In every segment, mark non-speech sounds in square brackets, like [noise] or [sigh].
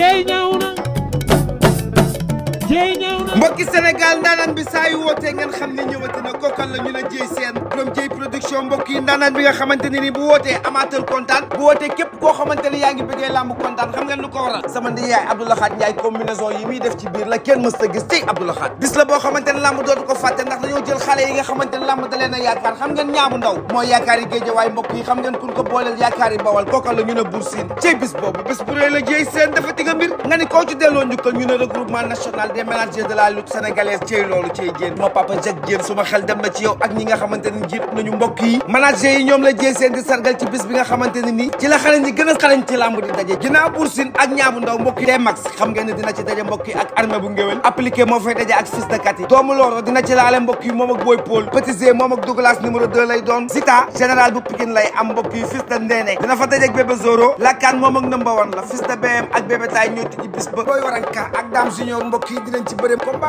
jey ña mbokki la ñu la jëy seen borom jëy production mbokk ndaanaan bi nga xamante ne bu wootee amateur kontaan bu wootee képp koo xamante yaa ngi bëggee làmb kontaan xam ngeen lu ko waral sama ndi yaay Abdou Lakhat Ndiaye yi muy def ci biir la kenn mës gis tey Abdou bis la boo xamante làmb dootu ko fàtte ndax dañoo jël xale yi nga xamante làmb da yaakaar xam ngeen ñaabu ndaw mooy yaakaar yi géejawaay mbokk xam ngeen sénégalaise ciy loolu ciy jéen ma papa Jacques Diène suma xel dem na ci yow ak ñi nga xamante ni jiit nañu mbokk manager yi ñoom la jée seen di sargal ci bis bi nga xamante ne nii ci la xale ñi gën a xarañ ci làmb di daje ginnaaw Bour ak ñaabu ndaw mbokk yi xam ngeen dina ci daje mbokk ak armée bu ngéwél appliqué moo fay daje ak fils de doomu looro dina ci laale mbokk moom ak Boy Paul Petit moom ak Douglas numéro 2 lay doon Zita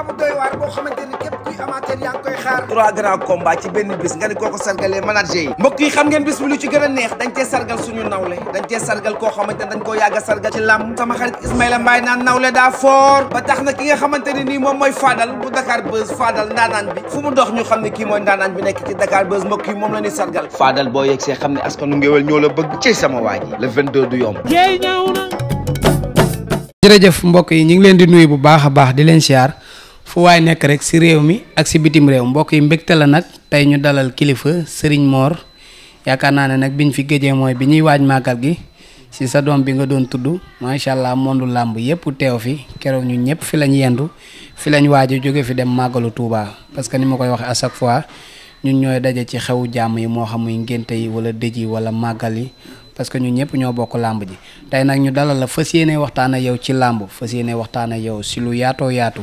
combat bu doy waar boo xamante ni képp ci benn bis nga ni ko sargalee manager yi mbokk yi xam ngeen bi lu ci gën a neex dañ cee sargal suñu nawle dañ cee sargal koo xamante ne dañ koo yàgg a sargal ci làmb sama xarit Ismaïla daa fort ba tax na ki nga xamante ne nii moom mooy Fadal bu Dakar Buzz Fadal ndaanaan bi fu mu dox ñu xam ne kii mooy ndaanaan bi nekk ci Dakar Buzz mbokk yi moom la ñuy sargal Fadal boo yegg see xam ne askanu ngéwél ñoo la bëgg ci sama waa ji le 22 du yomb jërëjëf mbokk yi ñu ngi leen di nuyu bu baax a baax di leen siyaar fu waay nekk rek si réew mi ak si bitim réew mbokk yi mbégte la nag tey ñu dalal kilifa Serigne Mor yaakaar naa ne nag bi ñu fi géejee mooy bi ñuy waaj màggal gi si sa doom bi nga doon tudd macha allah mondu làmb yépp teew fi keroog ñu ñëpp fi lañ yendu fi lañ waaj a jóge fi dem màggalu Touba parce que ni ma koy waxee à chaque fois ñu ñooy daje ci xew jàmm yi moo xamuy muy ngénte yi wala dëj yi wala màggal yi parce que ñun ñëpp ñoo bokk làmb ji tey nag ñu dalal la fas yéene waxtaan ak yow ci làmb fas yéene waxtaan ak yow si lu yaatoo yaatu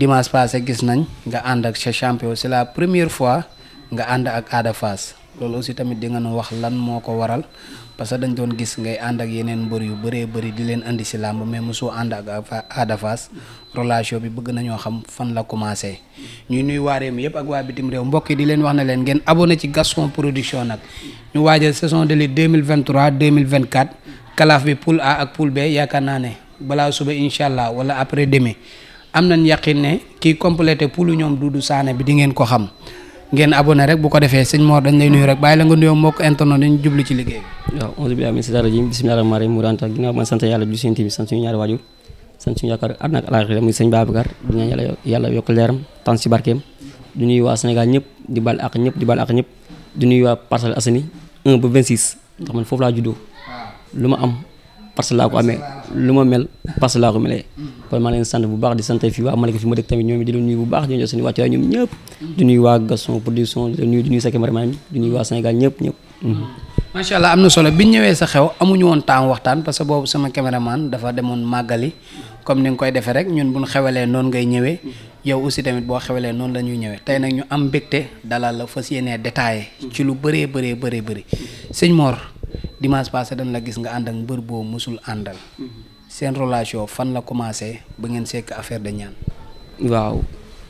dimanche passé gis nañ nga ànd ak sa champion c'est la première fois nga ànd ak Ada Fass loolu aussi tamit di nga nu wax lan moo ko waral parce que dañ doon gis ngay ànd ak yeneen mbër yu bëree bëri di leen indi si làmb mais mosoo ànd ak Ada Fass relation bi bëgg nañoo xam fan la commencé ñuy nuy waa réew mi yëpp ak waa bitim réew mbokk yi di leen wax na leen ngeen abonné ci Gaston Production nag ñu waaja saison de lutte 2023 2024 kalaaf bi poule A ak poule yaakaar naa ne balaa suba incha allah wala après demain am nañ yaqin ne kii complété poulu ñoom Doudou Sané bi di ngeen ko xam ngeen abonné rek bu ko defee sëñ Mor dañ lay nuyu rek bàyyi la nga nuyoo mbokk internet dañu jublu ci liggéey bi waaw onze bi amin yàlla bi seen bi sant suñu ñaari si barkeem du nuyu waa Sénégal ñëpp di bal ak ñëpp di bal ak ñëpp du nuyu waa Parcelles Assainies 1 ba 26 ndax man foofu laa juddoo ah. lu ma am parce que laa ko amee lu ma mel parce que laa ko melee kon maa bu baax di sant fi ma dëkk tamit ñoom di leen nuyu bu baax di leen jox seen wàccu waay ñoom ñëpp di nuyu waa Gaston production di nuyu sa cameraman di nuyu waa Sénégal ñëpp ñëpp mm-hmm. macha allah am na solo bi ñëwee sa xew amuñu woon temps waxtaan parce que boobu sama cameraman dafa demoon màggali comme ni nga koy defee rek ñun bu buñ xewalee noonu ngay ñëwee yow aussi tamit boo xewalee noonu la ñëwee tey nag ñu am mbégte dalal la fas yéenee détaillé ci lu bëree bëree bëree bëri sëñ Mor dimanche passé dañ la gis nga ànd ak mbër boo musul àndal. seen relation fan la commencé ba ngeen sekk affaire de ñaan. waaw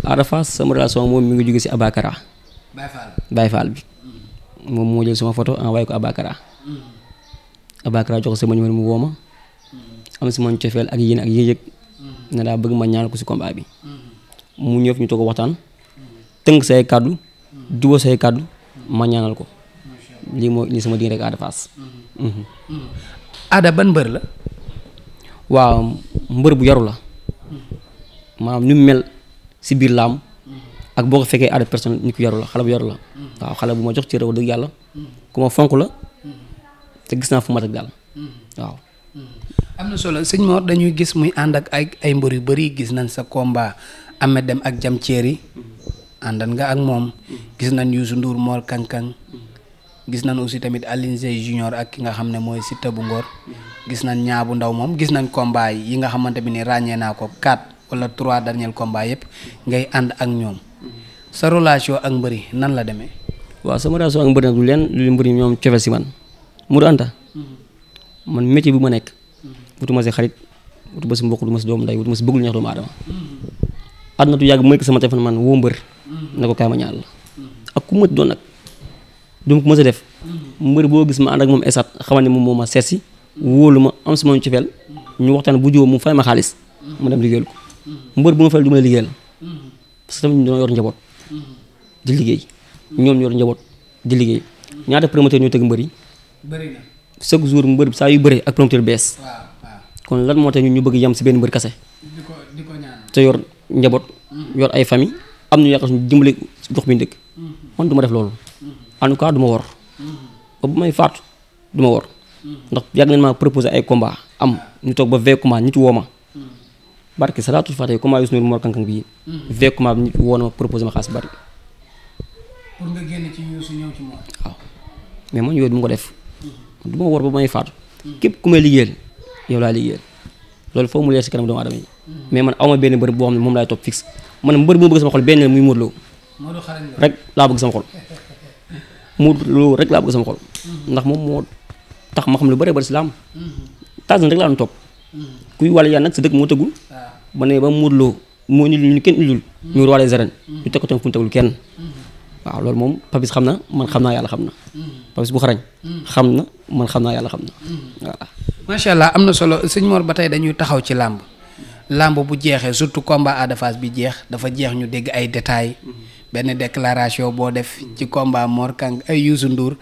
Ada Fass sama relation moom mi ngi jóge si Abakara. Baye Fall bi. moom moo jël sama photo envoyé ko Abakara. Abakara jox sama numéro mu woo ma. am si man cofeel ak yéen ak yéeg ne daa bëgg ma ñaan ko si combat bi. mu ñëw ñu toog waxtaan. tënk say kàddu. jubóo say kàddu. ma ñaanal ko. lii moo indi sama diggante ak Ada Fass. Mm-hmm. Mm-hmm. Mm-hmm. Ada ban mbër la. waaw mbër bu yaru la. maanaam ni mu mel si biir laam. ak boo ko fekkee Ada personne ni ko yaru la xale bu yaru la. waaw xale bu ma jox ci réew dëgg yàlla. ma fonk am na solo sëñ Mor dañuy gis muy ànd ak ay mbër yu bari gis nañ sa combat Amed Dem ak Jam Thierry àndan nga ak moom gis nañ Youssou Ndour Mor Kankang gis nañ aussi tamit Alioune Seye junior ak ki nga xam ne mooy Siteu bu Ngor gis nañ ñaabu ndaw moom gis nañ combat yi nga xamante bi ni ràññee naa ko quatre wala trois derniers combats yëpp ngay ànd ak ñoom sa relation ak mbëri nan la demee. waaw sama relation ak mbëri nag du leen lu mbëri ñoom cofe si man mu du anta man métier bu ma nekk wutuma si xarit wutuma si mbokk du ma si doomu ndey wutuma si bëgg lu ñax doomu aadama àdduna na ko kaay ma ñaan du ma ko mës a def mbër boo gis ma ànd ak moom esat xamal ne moom moo ma seet si wóolu ma am sama cofeel ñu waxtaan bu jubóo mu fay ma xaalis ma dem liggéeyal ko mbër bu ma fayal du ma la liggéeyal parce tamit ñu dañoo yor njaboot di liggéey ñoom ñu yor njaboot di liggéey ñaata promoteur ñoo tëgg mbër yi bëri na chaque jour mbër saa yu bëre ak promoteur bees kon lan moo tax ñu bëgg yem si benn mbër kase te yor njaboot mm. yor ay famille am ñu yaakaar suñu dimbali gox bi mm. ma def loolu en tout cas wor ba may faatu du ma wor ndax yàgg nañ maa proposé ay combat am ñu toog ba vingt combat nit woo ma barke salaatul faatee combat Youssou Ndour Mor Kang Kang bii nit woo na ma proposé ma xaalis bari mais man ko def du ma wor ku may liggéeyal yow laa mu leer si kanam awma benn mbër boo xam ne moom laay topp fixe man mbër bu ma bëgg sama xol benn muy Modou Lo rek laa bëgg sama xol Modou Lo rek laa bëgg sama xol. Mm-hmm. ndax moom moo tax ma xam lu bëree bëri si laam. Mm-hmm. Tyson rek laa doon topp. Mm-hmm. kuy wàllu yàlla nag sa dëkk moo tëggul. Ah. ba ne ba Modou Lo moo ñu ñu kenn indul. ñu roi des arènes. teg ko tamit fu ñu tegul kenn. waaw loolu moom Papis xam na man xam naa yàlla xam na. Papis bu xarañ. xam na man xam naa yàlla xam na waaw. macha allah am na solo sëñ Mor ba tey dañuy taxaw ci làmb làmb bu jeexee surtout combat Ada Fass bi jeex dafa jeex ñu dégg ay détails. benn déclaration boo def ci combat Mor Kang ay Youssou Ndour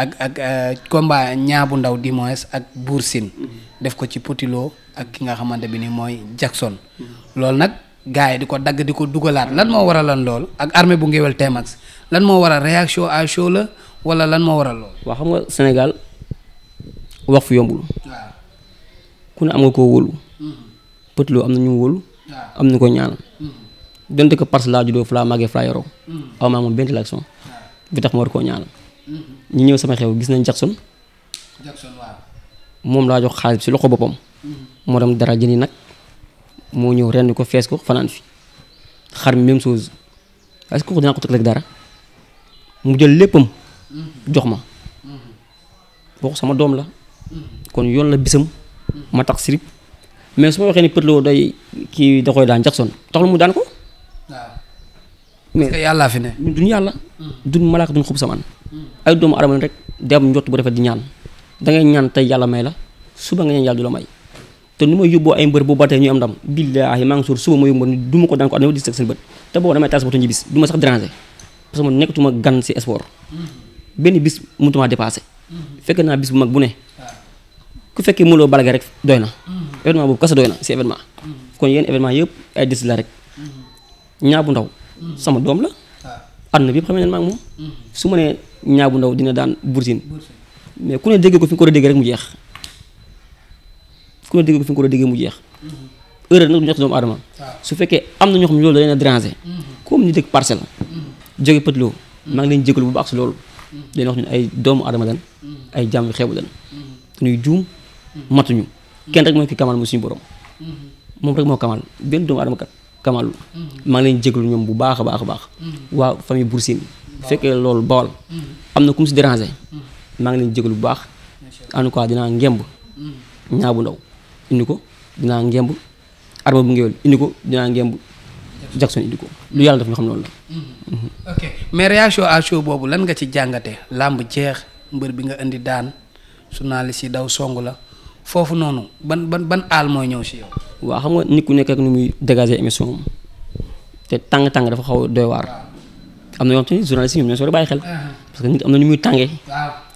ak ak euh, combat ñaabu ndaw di moins ak buur Sine def ko ci Potilo ak ki nga xamante bi ni mooy Jackson loolu nag gars yi di ko dagg di ko dugalaat lan moo waral lan lool ak armée bu ngéwél Tmax lan moo waral réaction à la wala lan moo waral lool. waaw xam nga Sénégal wax fu yombul. ku ne am nga koo wóolu. Hmm. Potilo am na ñu wóolu. am na ko ñaan. Hmm. donte que parce laa juddoo fulaa màggee fulaa yoroo hmm. aw maa moom benn relation hmm. bi tax ma war koo ñaanal hmm. ñu ñëw sama xew gis nañ Jackson moom laa jox xaalis si loxo boppam moo dem dara jëni nag moo ñëw rend ko fees ko fanaan fi xar mi même chose est-ce que dinaa ko teg rek dara mu jël léppam jox ma boo sama doom la kon yoon la bisam ma tax sirip mais su ma waxee ni pët la kii da daan Jackson tax lu mu daan ko mais parce que yàllaa fi ne. ñun duñu yàlla. duñu malaaka duñu da ngay ñaan tey yàlla may la suba nga ñaan yàlla du la ba tey ñu am ndam billaahi maa ngi suur suba ma yóbboo ni du ma ko daan ko àdduna di seen bët te boobu damay taal sa boto ñu bis du ma sax déranger parce que man nekkatuma gan si sport benn bis mënutuma bu mag bu ne ku fekkee mënuloo balage rek doy na événement boobu kasa doy na si événement kon yéen événement yëpp ay dis la rek ñaa bu ndaw sama doom la. Ah. àdduna bi xam ne maag moom. Mm-hmm. su ma nee ñaabu ndaw dina daan bursin mais ku ne ko fi nga ko déggee mu jeex ku ko fi nga ko war déggee mu jeex. Mm-hmm. erreur nag du ñor doomu aadama. Ah. su fekkee am na ñoo xam ne loolu da leen a déranger. Mm-hmm. comme ñu dëkk parcelle. jóge Pët Lo. maa ngi leen jégalu bu baax si loolu. dañuy wax ñun ay doomu aadama lan ay jàmm xeebu lan dañuy juum matuñu. kenn rek mooy ki kamal mu suñu borom. moom rek moo kamal benn doomu aadama kat. Kamal. maa ngi leen jéglu ñoom bu baax a baax a baax. waa famille Bour bu fekkee loolu Bawol. am na ku mu si dérangé. maa ngi leen jéglu bu baax. en tout dinaa ngemb. Mm. ñaa ndaw indi ko dinaa ngemb. arma bu ngéwél indi ko dinaa ngemb. Jackson indi ko lu yàlla def nga xam loolu la. Mm. Mm-hmm. ok mais réaction boobu lan nga ci jàngate làmb jeex mbër bi nga indi daan journaliste yi daw song la foofu noonu ban ban ban aal mooy ñëw si waaw xam nga nit ku nekk ak nu muy dégager émission te tàng tàng dafa xaw doy waar am na yoo xam ne journaliste ñoom ñoo soo ah. na nu muy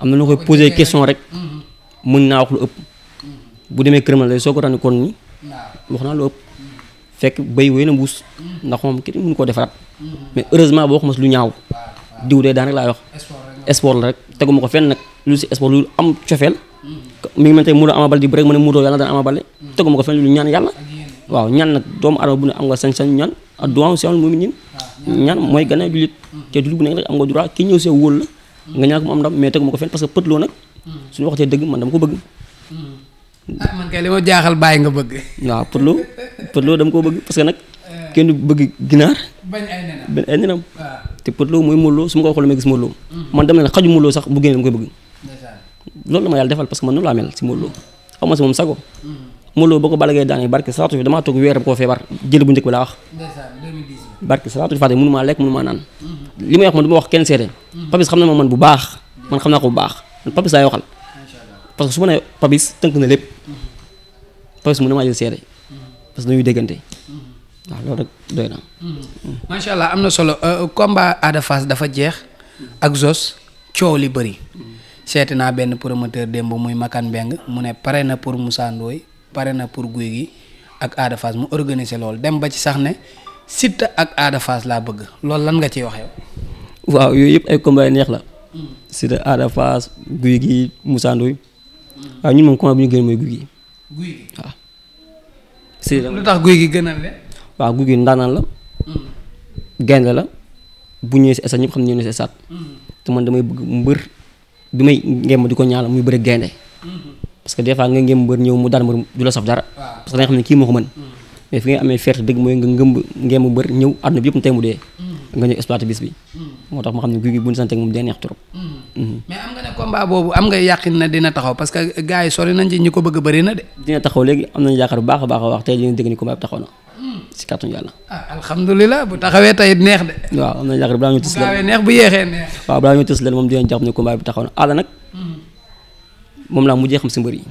am na nu koy poser question rek mm-hmm. mën naa wax lu ëpp mm-hmm. bu demee këram la soo ko tànn kon wax naa lu ëpp fekk béy wéy na mbuus mm-hmm. ndax moom kenn mënu koo defaraat mais heureusement boo xamante lu ñaaw diw dee daan rek laay wax sport la rek teguma ko fen nag lu si sport lu am cofeel mi ngi mel tey Modou Ama Baldé di bëre ma ne Modou yàlla na daan Ama Baldé tegu ma ko fenn lu ñaan yàlla waaw ñaan nag doomu adama bu ne am nga sañ-sañ ñaan ak doan a am nga droit ki ñëw ko mu am ndam mais tegu ma ko parce que pët loo dama ko bëgg ah, nga bëgg waaw pët loo pët loo dama ko bëgg parce que nag kenn du bëgg ginaar bañ ay nenam bañ ay nenam ah. te pët loo mooy Modou su ma ko waxoon la may gis Modou Lô mm-hmm. man dama ne xaju Modou sax bu génne dama koy bëgg loolu la ma yàlla defal parce que man noonu laa mel si Modou Lo xaw ma si moom sago mm-hmm. Modou Lo ba ko Balla Gaye daanee barke salaatu fi damaa toog weer koo feebar jël bu njëkk bi laa wax barke salaatu fi fàtte mënu man mm-hmm. na ma man bu baax man xam naa ko bu baax man waxal parce su ma Papis tënk na lépp mm-hmm. Papis mu ne jël seede parce que déggante waaw loolu rek doy na. Mm. am na solo euh, combat Ada dafa jeex mm. ak Zos coow li bëri. Mm. seeti naa benn promoteur démb muy Makan Mbeng mu ne pare na pour Moussa pare na pour guy gi ak Ada Fass mu organiser loolu dem ba ci sax ne Siteu ak Ada Fass laa bëgg loolu lan nga ciy waxee. waaw yooyu yëpp ay combat neex la. Hmm. Siteu Ada Fass guy gi musaandooy hmm. waaw ñun moom combat bi ñu gën mooy Gouye Gui. Gouye Gui waaw. Siteu lu tax Gouye Gui gënal leen. waaw Gouye Gui ndaanaan la. Hmm. gaynde la bu ñëwee si stade ñëpp xam ne ñëw si stade. te man damay bëgg mbër. bi may ngémb di ko ñaanal muy bëre gaynde parce que nga ngémb mbër ñëw mu daan mbër du saf dara parce que da nga xam ne kii moo ko mën hmm. mais fi nga amee fierté dëgg mooy nga ngëmb ngémb mbër ñëw àdduna bi yëpp tey mu dee hmm. nga ñëw exploité bis bi hmm. moo tax ma xam ne guy gi bu ñu sante moom day neex trop mais am nga ne combat boobu am nga yàqin na dina taxaw parce que yi sori nañ ci ñi ko bëgg bëri de dina taxaw léegi am nañu yaakaar bu baax a baax a wax si kàttanu yàlla. ah alhamdulilah bu taxawee tey neex de. waaw am nañu yaakaar balaa ñu tës leen bu neex bu waaw balaa ne combat bi taxaw na àll nag. Hmm. moom laa mujjee xam si mbër yi.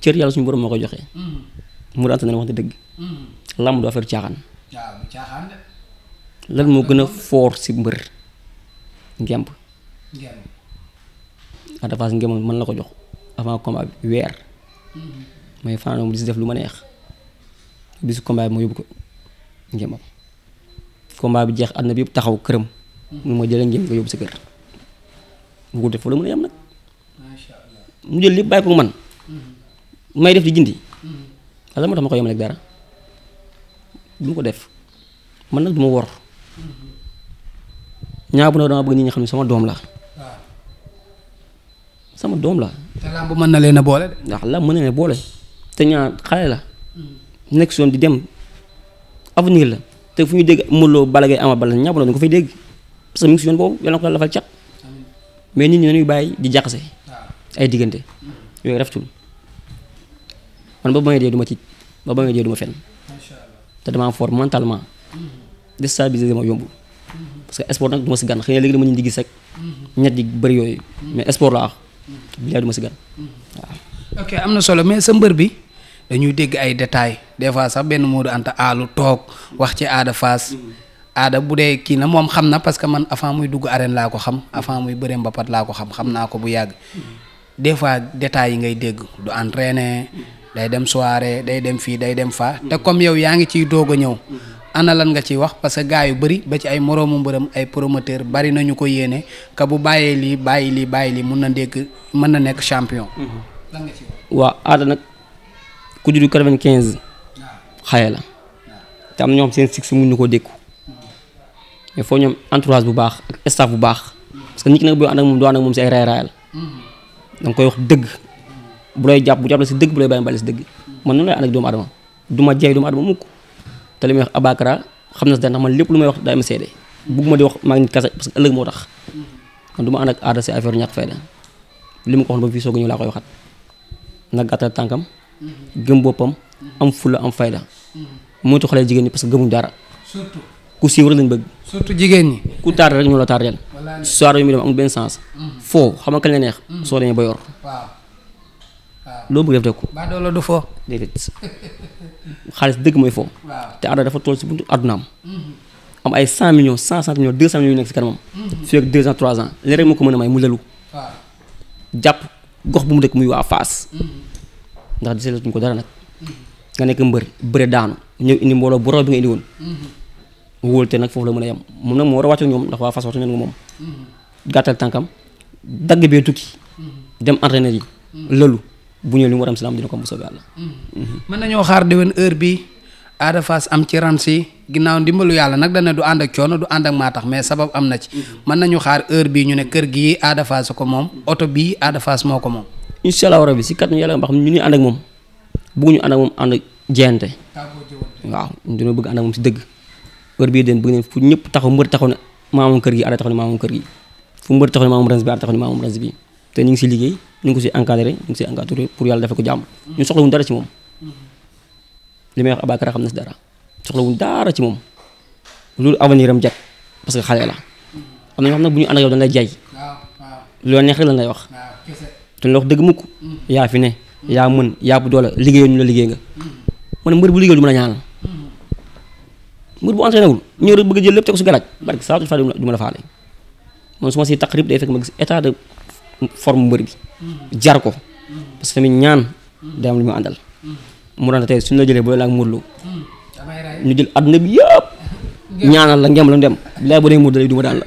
cër yàlla suñu borom moo koy joxe. Hmm. mu daan ne wax dëgg. Hmm. làmb du affaire caaxaan. waaw caaxaan a foor si ngemb. ngemb. la ko jox avant combat bi weer. may fanaan mu di si def lu ma neex. bis combat bi ma yóbbu ko ngémbam combat bi jeex àdduna bi yëpp taxaw këram. mu ma jëlee ngémb nga yóbbu sa kër. bu ko foofu la mën a yem nag. mu jël lépp bàyyi ko man. Mm-hmm. may def di jindi. Mm-hmm. lan moo tax ma ko yemale ak dara bu mu ko def man nag du ma wor. Mm-hmm. ñaaw bu ne bëgg nit ñi xam ne sama doom la. sama doom la. te làmb mën na leen a boole. ndax làmb mën na leen te ñaa xale la. nekk si yoon di dem avenir la te fu ñu dégg Modou Lo Balla Gaye Ama Baldé ñàpp na dañ ko fay dégg parce que mi ngi si yoon boobu yàlla na ko la lafal cat mais nit ñi dañuy bàyyi di jaxase ay diggante yooyu rafetul man ba ba may dee du ma tiit ba ba may dee du ma fenn te dama am fort mentalement mm-hmm. déstabiliser ma yomb mm-hmm. parce que sport nag du si gan xëy léegi dama ñu di gis rek mm-hmm. ñett yi yooyu mais sport laa am na solo mais sa mbër bi. dañuy dégg ay détails des fois sax benn Modou Anta aalu toog wax ci aada Fass aada bu dee kii na moom xam na parce que man avant muy dugg arène laa ko xam avant muy bëre mbapat laa ko xam xam naa ko bu yàgg des fois détails yi ngay dégg du entraîner day dem soirée day dem fii day dem faa te comme yow yaa ngi ciy doog a ñëw ana lan nga ciy wax parce que gars yu bëri ba ci ay moroomu mbërëm ay promoteur bari nañu ko yéene ka bu bàyyee lii bàyyi lii bàyyi lii mun na dégg mën na nekk champion. Mhm. ku juddu quatre-vingt-quinze xaye la te am na ñoo xam seen six muñ ñu ko dékku mais foo ñoom entourage bu baax ak staff bu baax parce nit ki nag boo ànd ak moom doo ànd ak moom si ay raay raayal danga koy wax dëgg bu lay jàpp bu jàpp la si dëgg bu lay bàyyi mbali si dëgg man noonu lay ànd ak doomu adama du ma jeey doomu adama mukk te li may wax Abakara xam na si dara ndax lépp lu may wax daay ma seede bugguma di wax maa ngi nit ëllëg moo tax man du ma ànd ak aada si affaire ñàkk fayda li ma ko waxoon gëm boppam am fulla am fayda moytu xale jigéen ñi parce que gëmuñ dara surtout ku siiw rek lañ bëgg surtout jigéen ñi ku taar rek ñu la taar ren soirée yi muy dem amul benn sens mm-hmm. foo xam nga kañ la neex mm-hmm. soo demee ba yor mm-hmm. am ay cent millions cent cent deux cent millions yu nekk si kanamam fii ak deux ans trois ans léegi rek moo ko mën a may mu lelu jàpp gox bu mu dëkk muy waa Fass ndax desalatuñ ko dara nag nga nekk mbër bëre daanu ñëw indi mbooloo bu raw bi nga indi woon wóolte nag foofu la mën a yem moom nag moo war a wàccu ñoom ndax waa fas wàccu ñoom moom bu ñëw li mu war am silaam dina mën nañoo xaar déwén heure bi Ada Fass am ci Ramsi ginnaaw ndimbalu yàlla nag dana du ànd ak coono du ànd ak maa tax mais sabab am na ci mën nañu xaar heure bi ñu ne kër gii Ada Fass ko moom oto bi Ada Fass moo ko moom incha allah rabi si kat yàlla nga xam ñu ni ànd ak moom bëgguñu ànd ak moom ànd bëgg ànd ak moom si dëgg heure ñëpp taxaw mbër taxaw ne maamoom kër gi arrêté gi fu mbër taxaw ne maamoom ñu ngi si liggéey ñu ngi ko si encadré ñu ngi si encadré pour yàlla defe ko jàmm ñu soxlawuñ dara ci moom li may wax Abacar xam na parce que xale la am na ñoo xam ne bu ñu ànd ak yow dañ lay jaay loo neex rek lañ lay wax te lox dëgg mukk yaa fi ne yaa mën yaa bu doole liggéey ñu la liggéey nga ma ne mbër bu liggéey du mën a ñaanal mbër bu entraîné wul ñëw rek bëgg jël lépp teg ko si galaaj barke saa fa du ma la faale man su ma siy taqrib day fekk ma gis état de forme mbër bi jar ko parce que tamit ñaan day am lu mu àndal ñu jël adduna bi yëpp ñaanal la ngem la dem lay boo dee mur daan la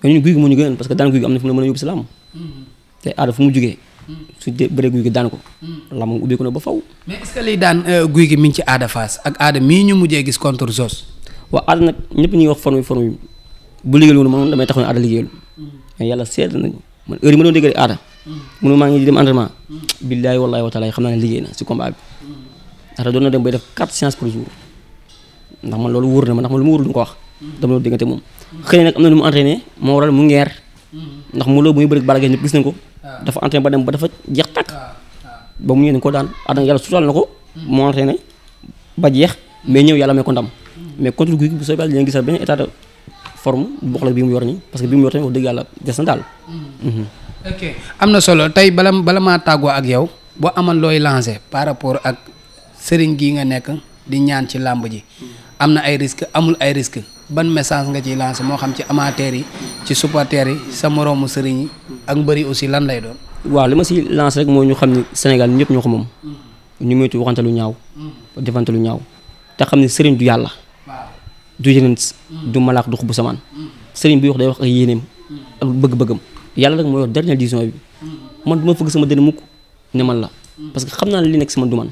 mais ñun guy gi moo ñu gënal parce que daan guy gi am na fu mu mën a yóbbu mm-hmm. jugee mm-hmm. su dee bëree guy gi daan ko mm-hmm. làmb mu ubbeeku na ba faw mais est ce que liy daan euh, guy ngi ci aada face ak aada mii ñu mujjee gis contre Zos waaw aada nag ñëpp ñuy wax forme yi forme yi bu liggéeyul woon man damay taxaw ne aada liggéeyul mais yàlla seet nañu man heure yi ma doon déggee aada mënu maa ngi dem entraînement billaahi wallaahi wa xam naa liggéey na si combat bi ndax doon na dem bay def quatre séances par jour ndax man loolu dama doon diggante moom. xëy na nag am na nu mu entraîné moo waral mu ngeer. ndax mu loolu muy bëri Balla Gaye ñëpp gis nañ ko. Ah. dafa entraîné ba dem ba dafa jeex tàkk. Ah, ah. ba mu ñëwee ko daan àdduna yàlla sutal na ko. mu hmm. ba jeex mais ñëw yàlla may ko ndam. Hmm. mais contre guy bu soobee yàlla dinañ gisal bi mu yor nii parce que bi mu yor tamit wax dëgg daal. Hmm. am na solo tey bala bala maa tàggoo ak yow boo amoon looy lancé par rapport ak sëriñ gi nga nekk di ñaan ci làmb ji am na ay risque amul ay risque ban message nga ci lancé moo xam ci amateurs yi ci supporters yi sa moroomu sëriñ yi ak mbëri aussi lan lay doon. waaw li ma si lancé rek moo ñu xam ni Sénégal ñëpp ñoo ko moom. ñu moytu waxante lu ñaaw. defante lu ñaaw te xam ne sëriñ du yàlla. du yeneen du malaax du xubu samaan. sëriñ bi wax day wax ak yéeneem. ak bëgg-bëggam yàlla rek mooy wax dernière ma fëgg sama dënn mukk ne man la. parce que xam naa li nekk si man du man.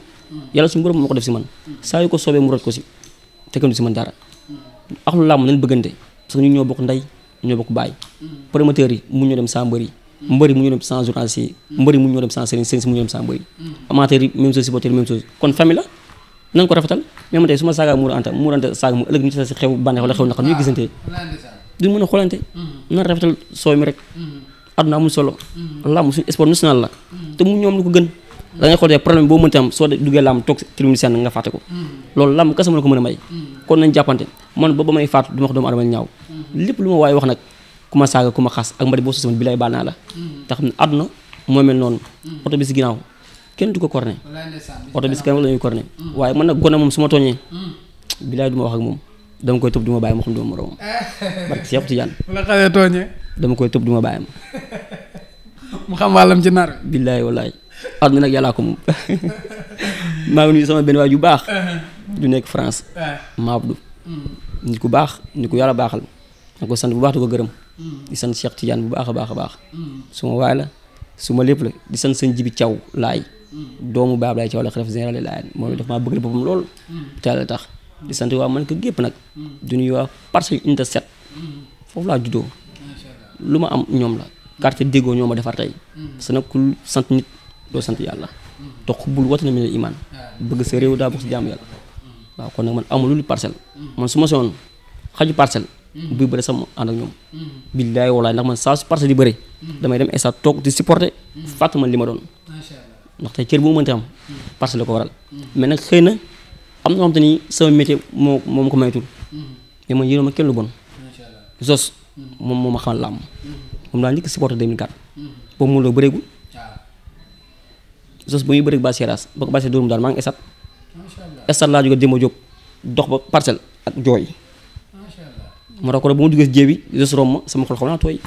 yàlla suñu borom moo ko def si man. saa yu ko soobee mu roj ko si te du si man dara. ak lu làmb nañ bëggante parce que ñu ñoo bokk ndey ñoo bokk baay promoteurs yi mu ñoo dem sans mbër yi mbër yi mu ñoo dem sans journaliste yi mbër yi mu ñoo dem sans sëriñ sëriñ si mu ñoo dem sans mbër yi amateurs yi même chose supporters même chose kon famille la nañ ko rafetal mais man tey su mu ëllëg ñu ci si xew bànneex wala xew naqar ñuy gisante duñ mën a mm-hmm. mm-hmm. la mm-hmm. te mu ñoom lu ko gën da ngay xool te problème boo mënti am soo duggee làmb toog tribune seen nga fàtte ko hmm. loolu làmb kese mën na ko mën a may hmm. kon nañ jàppante man ba may faatu du ma wax doomu adama ñaaw hmm. lépp bi lay baal naa la te xam ne àdduna moo du ko corné oto bi si kanam la ñuy man nag moom su ma tooñee bilaay du ma koy tëb du ma bàyyi ma xam du ma moroomam [laughs] barke Seex Tijaan la xawee tooñee dama koy tëb du ma bàyyi ma [laughs] mu ci nar bilaay walaay àdduna nag yàllaa ko moom maa ngi nuyu sama benn waay ju baax. du nekk France. Eh. Maabdu. nit ku baax nit ku yàlla baaxal. ma ko sant bu baax di ko gërëm. Mm. di sant Cheikh Tidiane bu baax a baax a baax. Mm. su ma waay la su ma lépp la di sant sëñ Jibi Thiaw laay. Mm. doomu baab laay Thiaw la xalifa général de moom daf maa bëgg boppam lool. teel a tax di sant waa man ko gépp nag. du parce waa Parcelles Unité 7. foofu laa juddoo. lu ma am ñoom la. quartier déggoo ñoo ma defar doo sant yàlla te xubbul watana mi ne iman bëgg sa réew daa bokk si jaamu yàlla waaw kon nag man amul lu parcelle man su ma soon xaju parcelle buy bëri sama ànd ak ñoom billaay walaay ndax man saa su parcelle di bëri damay dem esa toog di supporter fàttali man li ma doon ndax tey cër bu mu mënti am parcelle la ko waral mais nag xëy ma kenn lu bon zos moom moo ma xamal làmb moom laa njëkk supporter 2004 boobu mu loo bëreegul jos bu ñuy bëri Bathie Seras ba ko Bathie dóorum daan maa ngi esat esat laa jóge ba parcelle ak jooy moo tax ko bu ma duggee jéebi jos romb sama xol xam naa tooy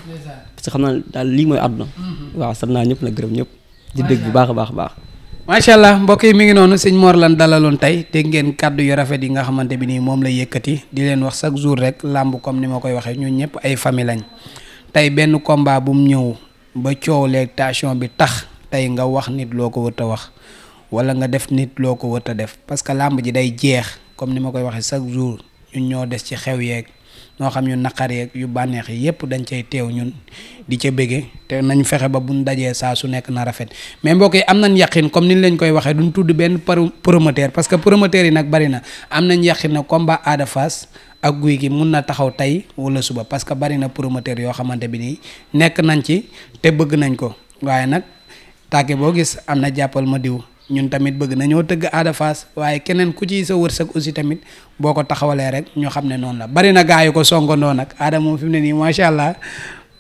parce que xam naa daal lii mooy àdduna mm-hmm. waaw sant naa ñëpp nag gërëm ñëpp di dégg bu baax a baax a baax macha allah mbokk yi mi ngi noonu sëñ Mor lan dalaloon tey dégg ngeen kàddu yu rafet yi nga xamante bi nii moom la yëkkati di leen wax chaque jour rek làmb comme ni ma koy waxee ñun ñëpp ay famille lañ tey benn combat bu mu ñëw ba coow leeg tension bi tax tey nga wax nit loo ko wërta wax wala nga def nit loo ko wërta def parce que làmb ji day jeex comme ni ma koy waxee chaque jour ñun ñoo des ci xew yeeg noo xam ñu naqar yeeg yu bànneex yépp dañ cay teew ñun di ca bége te nañ fexe ba buñ dajee saa su nekk na rafet mais mbokk yi am nañ yàqin comme ni leen koy waxee duñ tudd benn promoteur parce que promoteur yi nag bari na am nañ yàqin ne combat Ada ak guy gi mun na taxaw tey wala suba parce que bari na promoteur yoo xamante bi nii nekk nañ ci te bëgg nañ ko waaye nag tàkke boo gis am na jàppal ma diw ñun tamit bëgg nañoo tëgg Ada Fass waaye keneen ku ci sa wërsëg aussi tamit boo ko taxawalee rek ñu xam ne noonu la bari na gaa yu ko songandoo nag Ada moom fi mu ne nii macha allah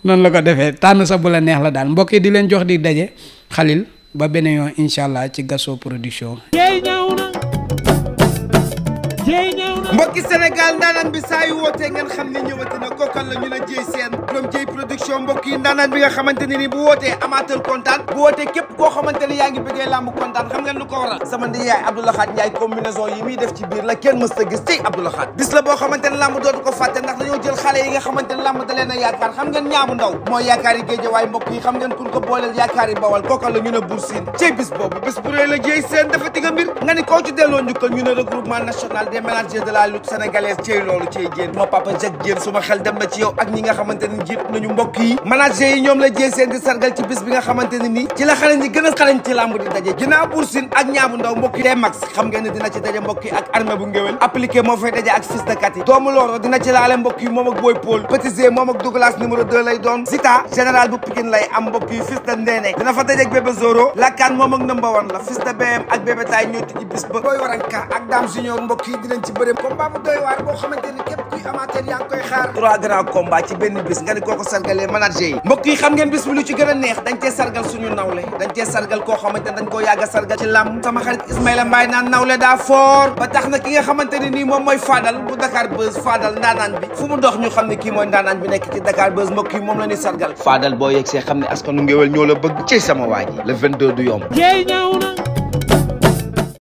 noonu la ko defee tànn sa bu neex la daal mbokk di leen jox di daje xalil ba beneen yoon incha allah ci Gaston Production. mbokki Sénégal ndaanaan bi saa wootee ngeen xam ne ñëwati na la ñu ne Dieye Sène borom Dieye production mbokk ndaanaan bi nga xamante ne bu wootee amateur kontaan bu wootee képp koo xamante yaa ngi bëggee làmb kontaan xam ngeen lu ko waral sama ndi yaay Abdoulaye Khat Ndiaye combinaison yi muy def ci biir la kenn mës gis ci Abdoulaye Khat bis la boo xamante làmb dootu ko fàtte ndax dañoo jël xale yi nga xamante làmb da a yaakaar xam n ñaamu ndaw mooy yaakaar yi géejawaay lutte sénégalaise ciy loolu ciy jéen moo papa Jacques Diène suma xel dem na ci yow ak ñi nga xamante ni jiit nañu mbokk manager yi ñoom la jéen seen di ci bis bi nga xamante ne ci la xale ñi gën a xale ci làmb di daje ginnaaw Bour Sine ak ñaabu ndaw mbokk yi xam ngeen dina ci daje mbokk ak armée bu ngéwél appliqué moo fay daje ak fils de doomu looro dina ci laale mbokk moom ak Boy Paul Petit moom ak Douglas numéro 2 lay doon Zita général combat bu doy waar boo xamante ni képp kuy amateur yaa ngi koy xaar trois grands combats ci benn bis nga ni koo ko sargalee manager yi mbokk yi xam ngeen bis bi lu ci gën a neex dañ cee sargal suñu nawle dañ cee sargal koo xamante ne dañ koo yàgg a sargal ci làmb sama xarit Ismaïla Mbaye naan nawle daa fort ba tax na ki nga xamante ni nii moom mooy Fadal bu Dakar Buzz Fadal ndaanaan bi fu mu dox ñu xam ne kii mooy ndaanaan bi nekk ci Dakar Buzz mbokk yi moom la ñuy sargal Fadal boo yegsee xam ne askanu ngéwél ñoo la bëgg ci sama waa ji le 22 du yomb